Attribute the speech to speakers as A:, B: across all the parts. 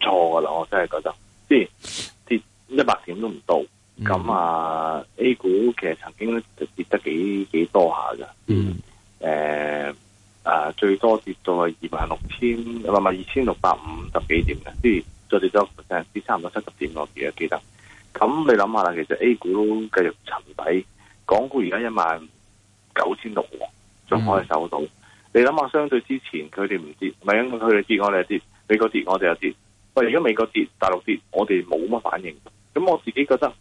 A: 錯噶啦，我真係覺得，即係跌一百點都唔到。咁、嗯、啊，A 股其實曾經咧跌得幾幾多下噶。嗯。誒、呃，啊，最多跌到係、啊、二萬六千，係唔二千六百五十幾點嘅？即係再跌多即 e 跌差唔多七十點落去啊！記得。咁你諗下啦，其實 A 股都繼續沉底，港股而家一萬九千六仲可以收到。嗯、你諗下，相對之前佢哋唔跌，唔係因為佢哋跌，我哋跌，你個跌，我哋又跌。如果美國跌，大陸跌，我哋冇乜反應。咁我自己覺得，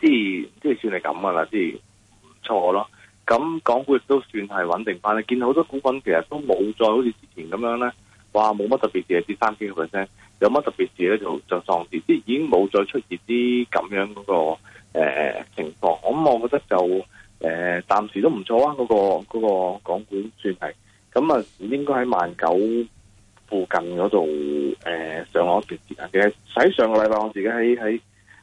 A: 即係即係算係咁噶啦，即係唔錯咯。咁港股亦都算係穩定翻，你見到好多股份其實都冇再好似之前咁樣咧，哇冇乜特別事跌三幾個 percent，有乜特別事咧就就喪跌，即係已經冇再出現啲咁樣嗰、嗰個誒、呃、情況。咁我覺得就誒暫、呃、時都唔錯啊，嗰、嗰個、嗰個港股算係。咁啊，應該喺萬九。附近嗰度，誒、呃，上岸，就是、一段時間。其實上個禮拜，我自己喺喺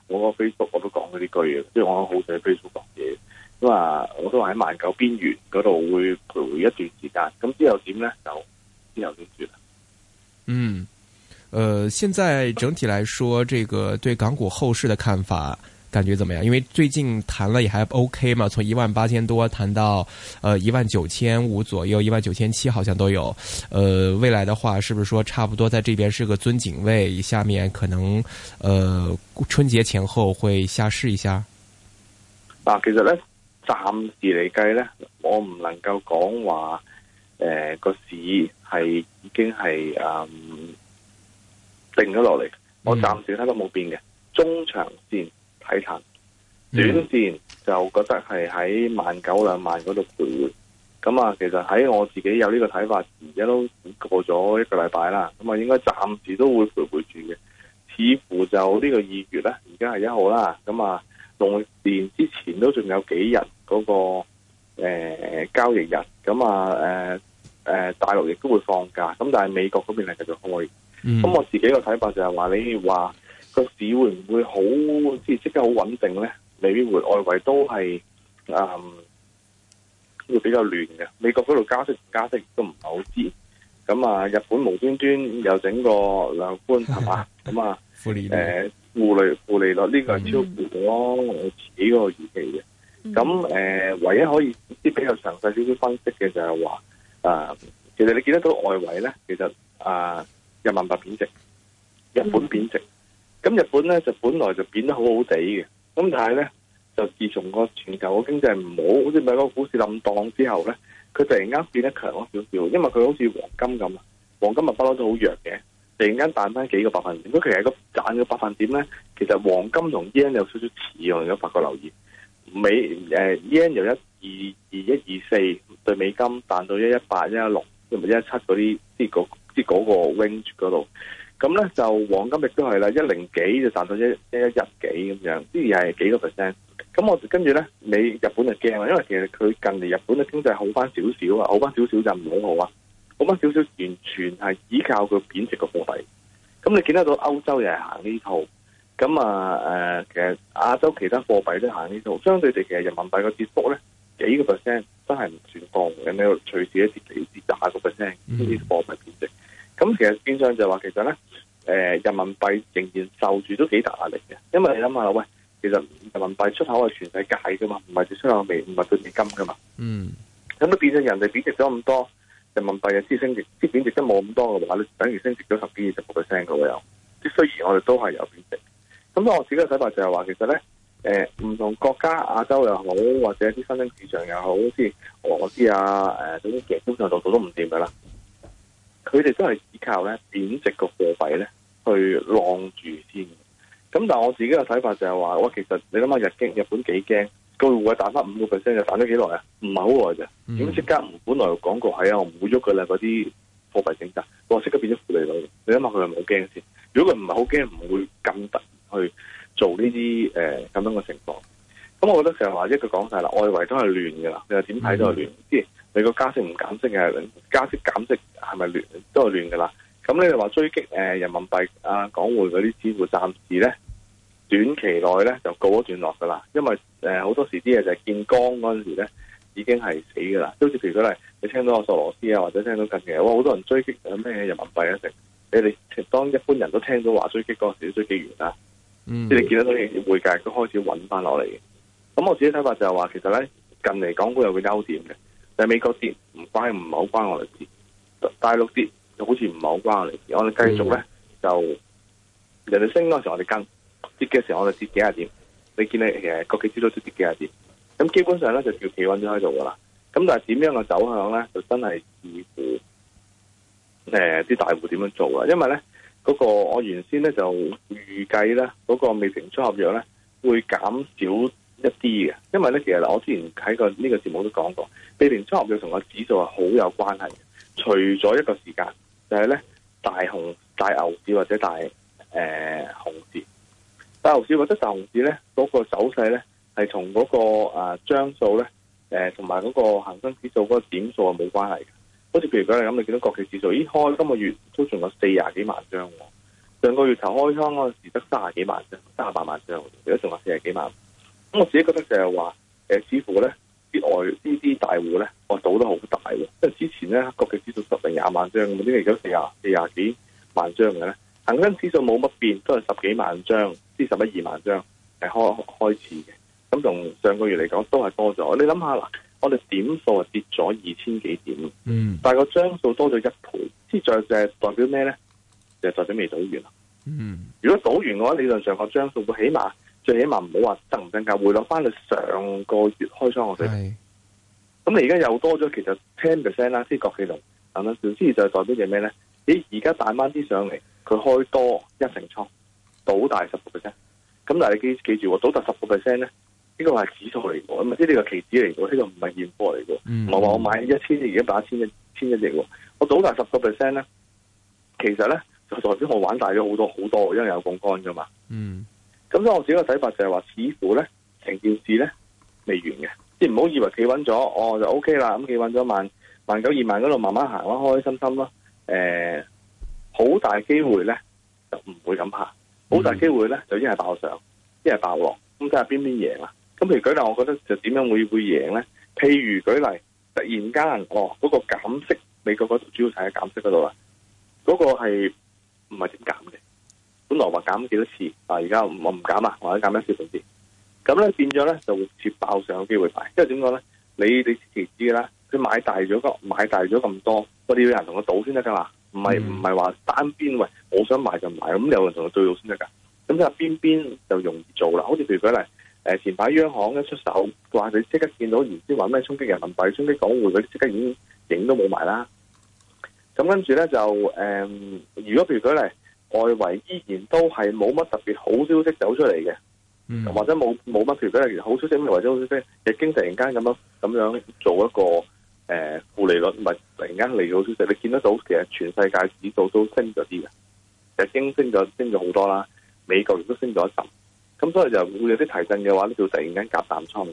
A: 我個 Facebook 我都講咗呢句嘅，即係我好少喺 Facebook 講嘢。咁啊，我都話喺萬九邊緣嗰度會徘徊一段時間。咁之後點咧？就之後點算？嗯，誒、
B: 呃，現在整體來說，這個對港股後市的看法。感覺怎麼樣？因為最近彈了也還 OK 嘛，從一萬八千多彈到，呃，一萬九千五左右，一萬九千七好像都有。呃，未來的話，是不是說差不多在這邊是個樽頸位，下面可能，呃春節前後會下試一下。
A: 啊，其實呢，暫時嚟計呢，我唔能夠講話，誒、呃、個市係已經係嗯定咗落嚟，我暫時睇到冇變嘅中長線。睇、嗯、
C: 淡，短
A: 線就覺得係喺萬九兩萬嗰度徘徊。咁啊，其實喺我自己有呢個睇法，而家都過咗一個禮拜啦。咁啊，應該暫時都會徘徊住嘅。似乎就這個呢個二月咧，而家係一號啦。咁啊，農曆年之前都仲有幾日嗰、那個誒、呃、交易日。咁啊，誒、呃、誒、呃，大陸亦都會放假。咁但係美國嗰邊係繼續開。咁、嗯、我自己個睇法就係話，你話。個市會唔會好即係即刻好穩定咧？未必會，外圍，外圍都係誒，會比較亂嘅。美國嗰度加息加息都唔係好知。咁啊，日本無端端又整個量寬係嘛？咁、 嗯、啊，誒，負利負利率呢個係超乎、嗯、我自己個預期嘅。咁誒、呃，唯一可以啲比較詳細少少分析嘅就係、是、話、呃、其實你見得到外圍咧，其實啊，人民幣貶值，日本貶值。嗯咁日本咧就本來就變得好好地嘅，咁但係咧就自從個全球個經濟唔好，好似咪個股市冧檔之後咧，佢突然間變得強咗少少，因為佢好似黃金咁啊，黃金咪不嬲都好弱嘅，突然間彈翻幾個百分點，咁其實個賺咗百分點咧，其實黃金同 yen 有少少似，我哋家發過留意，美誒 yen 由一二二一二四對美金彈到一一八一一六，一咪一一七嗰啲，即嗰嗰個 range 嗰度。咁咧就黃金亦都係啦，一零幾就賺到一一一,一幾咁樣，依然係幾個 percent。咁我跟住咧，你日本就驚啦，因為其實佢近嚟日本嘅經濟好翻少少啊，好翻少少就唔好好啊，好翻少少完全係依靠佢貶值嘅貨幣。咁你見得到歐洲又係行呢套，咁啊誒，其實亞洲其他貨幣都行呢套，相對地其實人民幣嘅跌幅咧幾個 percent 都係唔算高嘅，你隨時一跌幾跌廿個 percent 呢啲貨幣貶值。咁其實變相就係話，其實咧，誒、呃、人民幣仍然受住都幾大壓力嘅。因為你諗下喂，其實人民幣出口係全世界噶嘛，唔係只出口美，唔係對美金噶嘛。嗯。咁都變相人哋貶值咗咁多，人民幣嘅貶升值，貶升值都冇咁多嘅話，你等於升值咗十幾二十個 percent 嘅喎又。即雖然我哋都係有貶值。咁我自己嘅睇法就係話，其實咧，誒、呃、唔同國家亞洲又好，或者啲新興市場又好，好似俄羅斯啊，誒總之其實通常度度都唔掂嘅啦。佢哋真係依靠咧貶值個貨幣咧去浪住先，咁但係我自己嘅睇法就係話，哇，其實你諗下日經日本幾驚？佢會唔會打翻五個 percent？就打咗幾耐啊？唔係好耐啫，點即、嗯、刻唔？本來講過係啊，我唔會喐嘅啦，嗰啲貨幣政策，我即刻變咗負利率。你諗下佢係咪好驚先？如果佢唔係好驚，唔會咁突然去做呢啲誒咁樣嘅情況。咁我覺得成日話，一句講晒啦，外圍都係亂㗎啦，你又點睇都係亂先。嗯。你個加息唔減息嘅加息減息係咪亂都係亂噶啦？咁你哋話追擊誒人民幣啊、港匯嗰啲支付暫時咧，短期內咧就告一段落噶啦。因為誒好、呃、多時啲嘢就係見光嗰陣時咧，已經係死噶啦。好似譬如講咧，你聽到索羅斯啊或者聽到近期哇，好多人追擊誒咩人民幣啊成，你哋當一般人都聽到話追擊嗰時都追擊完啦。
C: 嗯，即係你
A: 見得到啲匯價都開始穩翻落嚟嘅。咁我自己睇法就係話，其實咧近嚟港股有個優點嘅。喺美國跌唔關，唔係好關我哋事，大陸跌又好似唔係好關我哋事，我哋繼續咧、嗯、就人哋升嗰時我哋跟，跌嘅時候我哋跌幾下點，你見你，其實國企都跌幾下點，咁基本上咧就叫企穩咗喺度噶啦，咁但係點樣嘅走向咧就真係視乎誒啲、呃、大戶點樣做啦，因為咧嗰、嗰個我原先咧就預計咧嗰個未平出合約咧會減少。一啲嘅，因為咧其實我之前喺個呢個節目都講過，四年初合約同個指數係好有關係。嘅除咗一個時間，就係、是、咧大紅大牛市或者大誒、呃、紅市、大牛市或者大紅市咧，嗰、那個走勢咧係同嗰個誒張數咧誒同埋嗰個恒生指數嗰個點數係冇關係嘅。好似譬如講你咁，你見到國企指數，咦開今個月都仲有四十幾萬張，上個月頭開倉嗰時得三十幾萬張，三十八萬張，而家仲有四十幾萬。咁我自己覺得就係話，誒、呃，似乎咧啲外呢啲大戶咧，我賭得好大喎。因為之前咧，國企指數十零廿萬張咁，點解而家四廿四廿幾萬張嘅咧，恒生指數冇乜變，都係十幾萬張，至十一二萬張，係開開始嘅。咁同上個月嚟講都係多咗。你諗下啦，我哋點數係跌咗二千幾點，嗯、mm.，但係個張數多咗一倍，即係就係代表咩咧？就係、代表未賭完啦。嗯、
C: mm.，
A: 如果賭完嘅話，理論上個張數會起碼。最起碼唔好話增唔增加，回落翻去上個月開倉我哋。咁你而家又多咗，其實 ten percent 啦，即係國企龍咁啦。總之就代表嘅咩咧？咦，而家彈翻啲上嚟，佢開多一成倉，倒大十個 percent。咁但係你記記住，倒大十個 percent 咧，呢個係指數嚟嘅，咁啊，即呢個期指嚟嘅，呢個唔係現貨嚟嘅。唔係話我買一千億，而家買一千億千一億。我倒大十個 percent 咧，其實咧就代表我玩大咗好多好多，因為有槓杆噶嘛。嗯。咁所以我自己個睇法，就係話，似乎咧成件事咧未完嘅，即係唔好以為企穩咗，哦就 O K 啦，咁企穩咗萬萬九二萬嗰度慢慢行啦開開心心咯，誒、呃，好大機會咧就唔會咁怕，好大機會咧就一係爆上，一係爆落，咁睇下邊邊贏啦。咁譬如舉例，我覺得就點樣會會贏咧？譬如舉例，突然間哦，嗰、嗰個減息，美國嗰度主要就係減息嗰度啊，嗰、嗰個係唔係點減嘅？本來話減幾多次，但而家我唔減啊，或者減少少啲，咁咧變咗咧就會跌爆上嘅機會大，因為點講咧？你你知嘅啦，佢買大咗咁買大咗咁多，我哋要有人同佢賭先得噶嘛？唔係唔係話單邊喂，我想買就唔買，咁有人同佢對賭先得噶。咁就邊邊就容易做啦。好似譬如舉例，誒、呃、前排央行一出手，話佢即刻見到原先話咩衝擊人民幣、衝擊港匯，佢即刻已經影都冇埋啦。咁跟住咧就誒、呃，如果譬如舉例。外圍依然都係冇乜特別好消息走出嚟嘅，嗯，或者冇冇乜特別例如好消息或者好消息，日經突然間咁樣咁樣做一個誒負利率，咪突然間嚟到消息，你見得到其實全世界指數都升咗啲嘅，日經升咗升咗好多啦，美國亦都升咗一陣，咁所以就會有啲提振嘅話咧，呃，就突然間夾淡倉，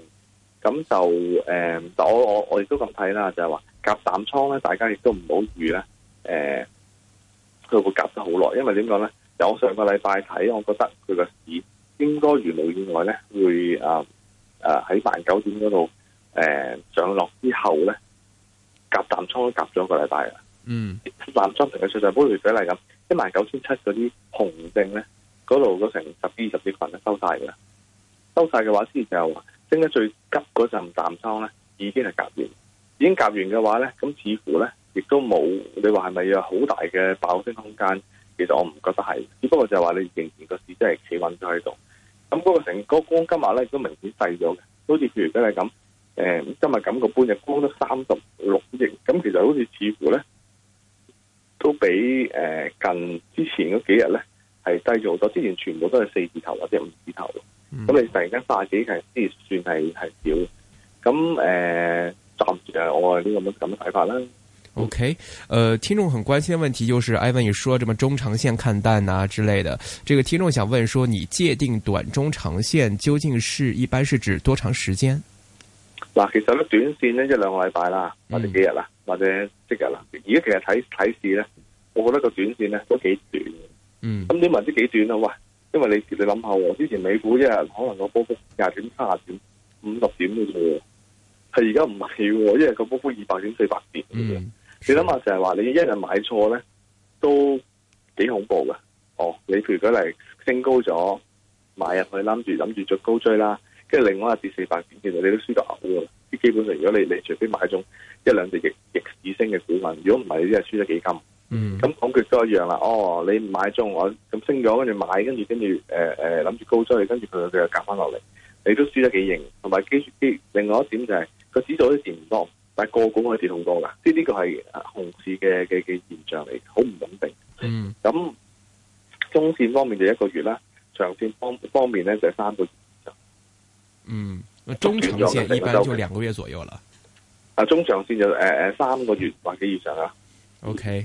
A: 咁就誒，我我我亦都咁睇啦，就係話夾淡倉咧，大家亦都唔好預咧，誒、呃。佢會夾得好耐，因為點講咧？由我上個禮拜睇，我覺得佢個市應該如無意外咧會啊啊喺萬九點嗰度誒上落之後咧，夾淡倉都夾咗一個禮拜啦。嗯，淡倉譬如上上波，例如舉例咁，一萬九千七嗰啲紅證咧，嗰度成十幾、二十幾份都收曬噶啦。收曬嘅話，先就話升得最急嗰陣淡倉咧，已經係夾完。已經夾完嘅話咧，咁似乎咧。亦都冇，你話係咪有好大嘅爆升空間？其實我唔覺得係，只不過就係話你仍然市、嗰個市真係企穩咗喺度。咁嗰個成個個光今日咧都明顯細咗嘅，好似譬如、呃、今日咁，誒今日咁個半日光得三十六億，咁其實好似似乎咧都比誒、呃、近之前嗰幾日咧係低咗好多。之前全部都係四字頭或者五字頭，咁、嗯、你突然間卅幾係先算係係少。咁誒，暫、呃、時係我呢咁咁嘅睇法啦。
B: O、okay, K，呃聽眾很關心的問題就是，Ivan 你說什麼中長線看淡啊之類的，這個聽眾想問說，你界定短中長線究竟是一般是指多長時間？
A: 嗱，其實咧短線呢一兩個禮拜啦，或者幾日啦、嗯，或者即日啦。而家其實睇睇市咧，我覺得個短線咧都幾短，嗯。咁你問啲幾短啊喂，因為你你諗下，我之前美股一日可能個波幅廿點、卅點、五十點嘅啫，係而家唔係，因為個波幅二百點、四百點嘅。嗯。你諗下成日話你一人買錯咧，都幾恐怖㗎。哦，你譬如佢嚟升高咗，買入去諗住諗住做高追啦，跟住另外一支四百點，其實你都輸得嘔。㗎。基本上如果你你除非買中一兩隻逆逆市升嘅股份，如果唔係你都係輸得幾金。Mm. 嗯。咁講佢都一樣啦。哦，你買中我咁升咗，跟住買，跟住跟住誒誒諗住高追，跟住佢佢又夾翻落嚟，你都輸得幾型。同埋基基，另外一點就係個指數都跌唔多。但係個股我係跌痛多噶，即係呢個係熊市嘅嘅嘅現象嚟，好唔穩定。
C: 嗯，
A: 咁中線方面就是一個月啦，長線方方面咧就是三個月以上。
B: 嗯，中長線一般就兩個月左右啦。
A: 啊、嗯，中長線就誒、是、誒、呃、三個月或者以上啊。OK。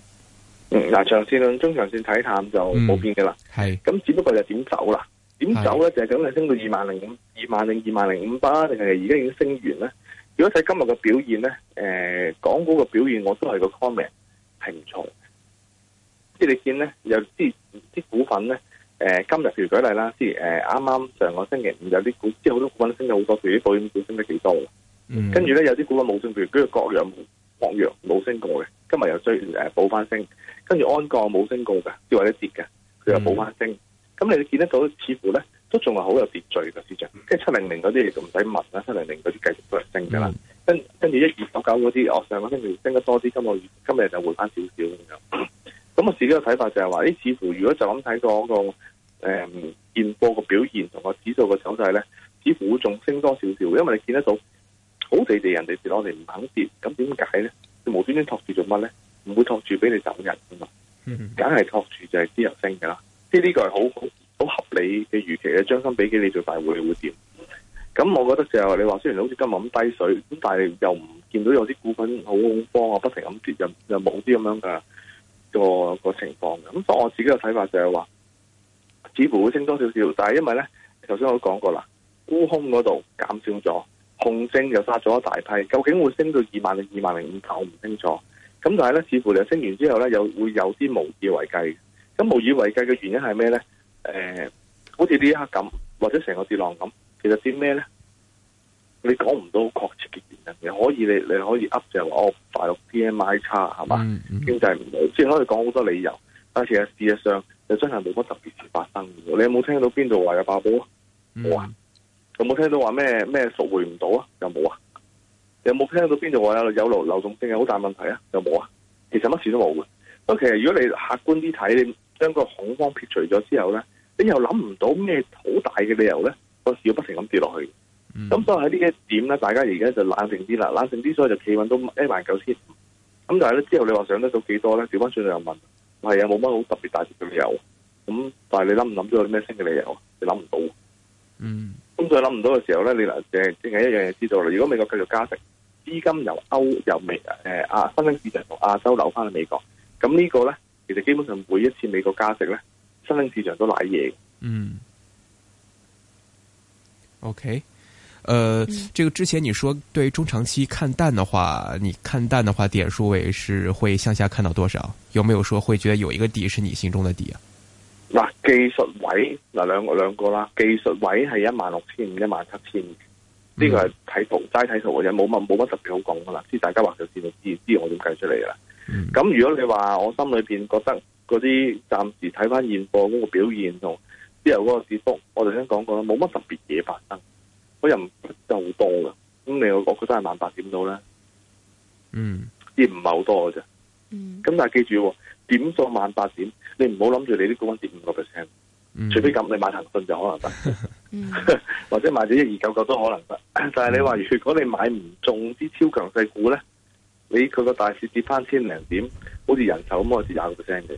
A: 嗯，嗱、啊，長線啦，中長線睇淡就冇變嘅啦，係、嗯，咁只不過就點走啦？
B: 點走
A: 咧就係可能升到二萬零五、二萬零二萬零五百，定係而家已經升完咧？如果睇今日嘅表現咧，誒、呃，港股嘅表現我都係個 comment 係唔錯，即係你見咧有啲啲股份咧，誒、呃，今日譬如舉例啦，即誒啱啱上個星期五有啲股，即係好多股份升咗好多，譬如啲保險股升得幾多，嗯，跟住咧有啲股份冇升，譬如比如國藥。礦業冇升過嘅，今日又追誒補翻升，跟住鞍鋼冇升過嘅，即或者跌嘅，佢又補翻升，咁、mm -hmm. 你見得到似乎咧都仲係好有秩序嘅市場、mm -hmm. mm -hmm.，跟七零零嗰啲亦都唔使問啦，七零零嗰啲繼續都係升噶啦，跟跟住一二九九嗰啲我上個星期，跟住升得多啲，今個月今日就回翻少少咁樣，咁 我自己嘅睇法就係話，呢似乎如果就咁睇、那個個誒、呃、現貨個表現同個指數嘅走勢咧，似乎仲升多少少，因為你見得到。好地地，人哋跌我哋唔肯跌，咁點解咧？你無端端托住做乜咧？唔會托住俾你走人噶嘛？梗係托住就係自由升㗎啦。即係呢個係好好合理嘅預期嘅，將心比己，你最大會會跌。咁我覺得就係、是、你話，雖然好似今日咁低水，咁但係又唔見到有啲股份好恐慌啊，不停咁跌又又冇啲咁樣嘅個個情況。咁所以我自己嘅睇法就係、是、話，指數會升多少少，但係因為咧，頭先我都講過啦，沽空嗰度減少咗。控升又殺咗一大批，究竟會升到二萬二萬零五頭，我唔清楚。咁但係咧，似乎你升完之後咧，又會有啲無，無以為繼。咁無以為繼嘅原因係咩咧？誒，好似呢一刻咁，或者成個跌浪咁，其實啲咩咧？你講唔到確切嘅原因。可以，你可以你你可以 up 就話我大陸 PMI 差係嘛？Mm -hmm. 經濟唔到。即係可以講好多理由。但係其實事實上就真係冇乜特別事發生。你有冇聽到邊度話有爆煲？啊？冇啊。有冇聽到話咩咩贖回唔到啊？有冇啊？有冇聽到邊度話有有流流動性係好大問題啊？有冇啊？其實乜事都冇嘅。咁其實如果你客觀啲睇，你將個恐慌撇除咗之後咧，你又諗唔到咩好大嘅理由咧個市要不停咁跌落去的。咁、嗯、所以喺呢一點咧，大家而家就冷靜啲啦，冷靜啲，所以就企穩到一萬九千。咁但係咧之後你話想得到幾多咧？掉翻轉你又問，係啊，冇乜好特別大嘅理由。咁但係你諗唔諗到有啲咩新嘅理由啊？你諗唔到。嗯。咁再諗唔到嘅時候咧，你嗱，淨係一樣嘢，知道啦。如果美國繼續加息，資金由歐由美誒亞、啊、新興市場同亞洲流翻去美國，咁呢個咧，其實基本上每一次美國加息咧，新興市場都瀨嘢。嗯。
B: O K，誒，這個之前你說對於中長期看淡的話，你看淡的話點數位是會向下看到多少？有沒有說會覺得有一個底是你心中的底啊？
A: 技術位嗱兩兩個啦，技術位係一萬六千五、一萬七千，呢個係睇圖齋睇圖嘅啫，冇乜冇乜特別好講噶啦。即係大家話就知道，知道知知我點計出嚟噶啦。咁、嗯、如果你話我心裏邊覺得嗰啲暫時睇翻現貨嗰個表現同之後嗰個市幅，我頭先講過啦，冇乜特別嘢發生，我又唔係好多噶。咁你我覺得係萬八點到咧，嗯，啲唔係好多嘅啫，咁、嗯、但係記住、哦。點做萬八點，你唔好諗住你啲股份跌五個 percent，除非咁你買騰訊就可能得， 或者買咗一二九九都可能得。但係你話如果你買唔中啲超強細股咧，你佢個大市跌翻千零點，好似人壽咁，我跌廿個 percent 嘅。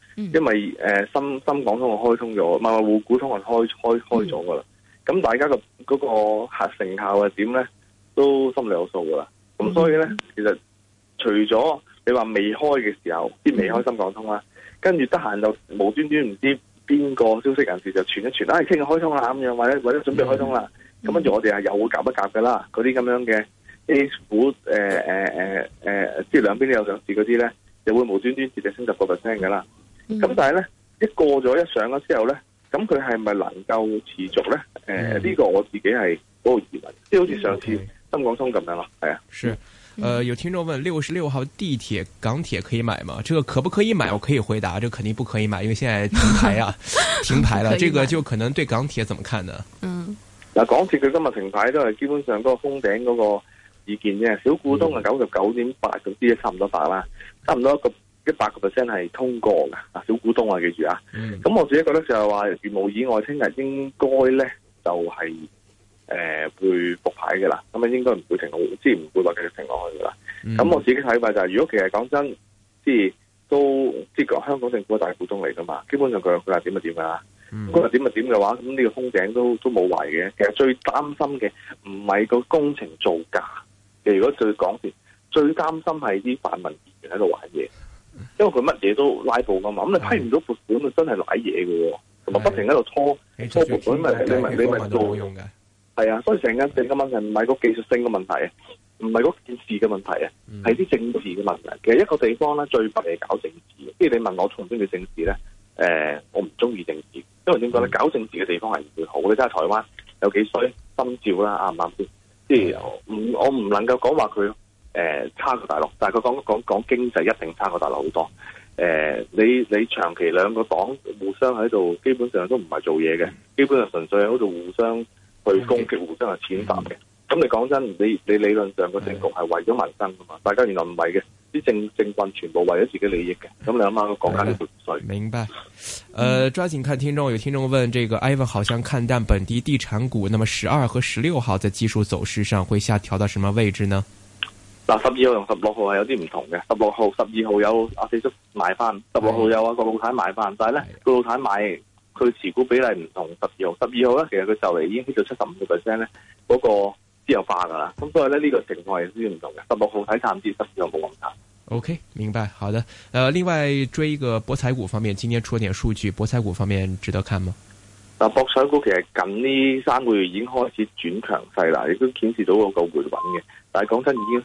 A: 因為誒、呃、深深港通就開通咗，萬萬滬股通係開開開咗噶啦，咁、嗯、大家、那個嗰個核成效啊點咧都心裏有數噶啦，
C: 咁所以咧、嗯、
A: 其實除咗你話未開嘅時候，啲未開深港通啦、嗯，跟住得閒就無端端唔知邊個消息人士就傳一傳，啊、哎，聽日開通啦咁樣，或者或者準備開通啦，咁、嗯、跟住我哋係又會夾一夾噶啦，嗰啲咁樣嘅 A 股誒誒誒誒，即、呃、係、呃呃呃、兩邊都有上市嗰啲咧，就會無端端直接升十個 percent 噶啦。咁、嗯、但係咧，一過咗一上咗之後咧，咁佢係咪能夠持續咧？誒、嗯，呢、呃這個我自己係嗰個疑問。即好似上次深港通咁樣咯，係、嗯、
B: 啊。是，誒、嗯呃、有聽眾問六十六號地鐵港鐵可以買嗎這個可不可以買？我可以回答，這個、肯定不可以買，因為現在停牌啊， 停牌啦了。 這個就可能對港鐵怎麼看呢？嗯，
A: 嗱、呃，港鐵佢今日停牌都係基本上嗰個封頂嗰個意見啫，小股東啊九十九點八咁啲差唔多百啦，差唔多、嗯、多一個。一百個 percent 係通過嘅，啊小股東啊記住啊，咁、嗯、我自己覺得就係話、就是，如無意外，聽日應該咧就係誒會復牌嘅啦。咁啊應該唔會停落，即係唔會話繼續停落去嘅啦。咁、嗯、我自己睇法就係、是，如果其實講真，即係都即係講香港政府係大股東嚟，噶嘛，基本上佢佢係點就點噶啦。咁啊點就點嘅話，咁呢個封頂都都冇壞嘅。其實最擔心嘅唔係個工程造價，其如果最講港鐵最擔心係啲泛民議員喺度玩嘢。因為佢乜嘢都拉布噶嘛，咁、嗯、你、嗯、批唔到撥款，咪真係賴嘢嘅，同、嗯、埋不停喺度拖拖撥款，咪你咪你咪做用嘅。係啊，所以成日成嘅問題唔係個技術性嘅問題，唔係嗰件事嘅問題啊，
B: 係、嗯、
A: 啲政治嘅問題。其實一個地方咧最弊係搞政治，即係你問我從邊度政治咧？誒、呃，我唔中意政治，因為點解咧？搞政治嘅地方係唔會好嘅，即係台灣有幾衰，心照啦啊，啱唔啱，即係唔我唔能夠講話佢。誒、呃，差過大陸，但係佢講講講經濟一定差過大陸好多。誒、呃，你你長期兩個黨互相喺度，基本上都唔係做嘢嘅，基本上純粹喺度互相去攻擊，互相去譴責嘅。咁你講真，你你理論上個政局係為咗民生噶嘛？大家原來唔係嘅，啲政政棍全部為咗自己利益嘅。咁你諗下個國家啲
B: 純粹明白？誒、呃，抓緊看聽眾，有聽眾問：這個 Ivan 好像看淡本地地產股，那麼十二和十六號在技術走勢上會下調到什麼位置呢？
A: 嗱，十二號同十六號係有啲唔同嘅。十六號十二號有阿四叔買翻，十六號有啊郭老太買翻，但係咧郭老太買佢持股比例唔同十二號。十二號咧，其實佢就嚟已經去到七十五個 percent 咧，嗰個私有化噶啦。咁所以咧呢個情況係有啲唔同嘅。十六號睇暫時，十二號冇問題。
B: OK，明白，好的。呃，另外追一個博彩股方面，今天出咗啲數據，博彩股方面值得看嗎？
A: 嗱，博彩股其實近呢三個月已經開始轉強勢啦，亦都顯示到一個股盤穩嘅。但係講真，已經。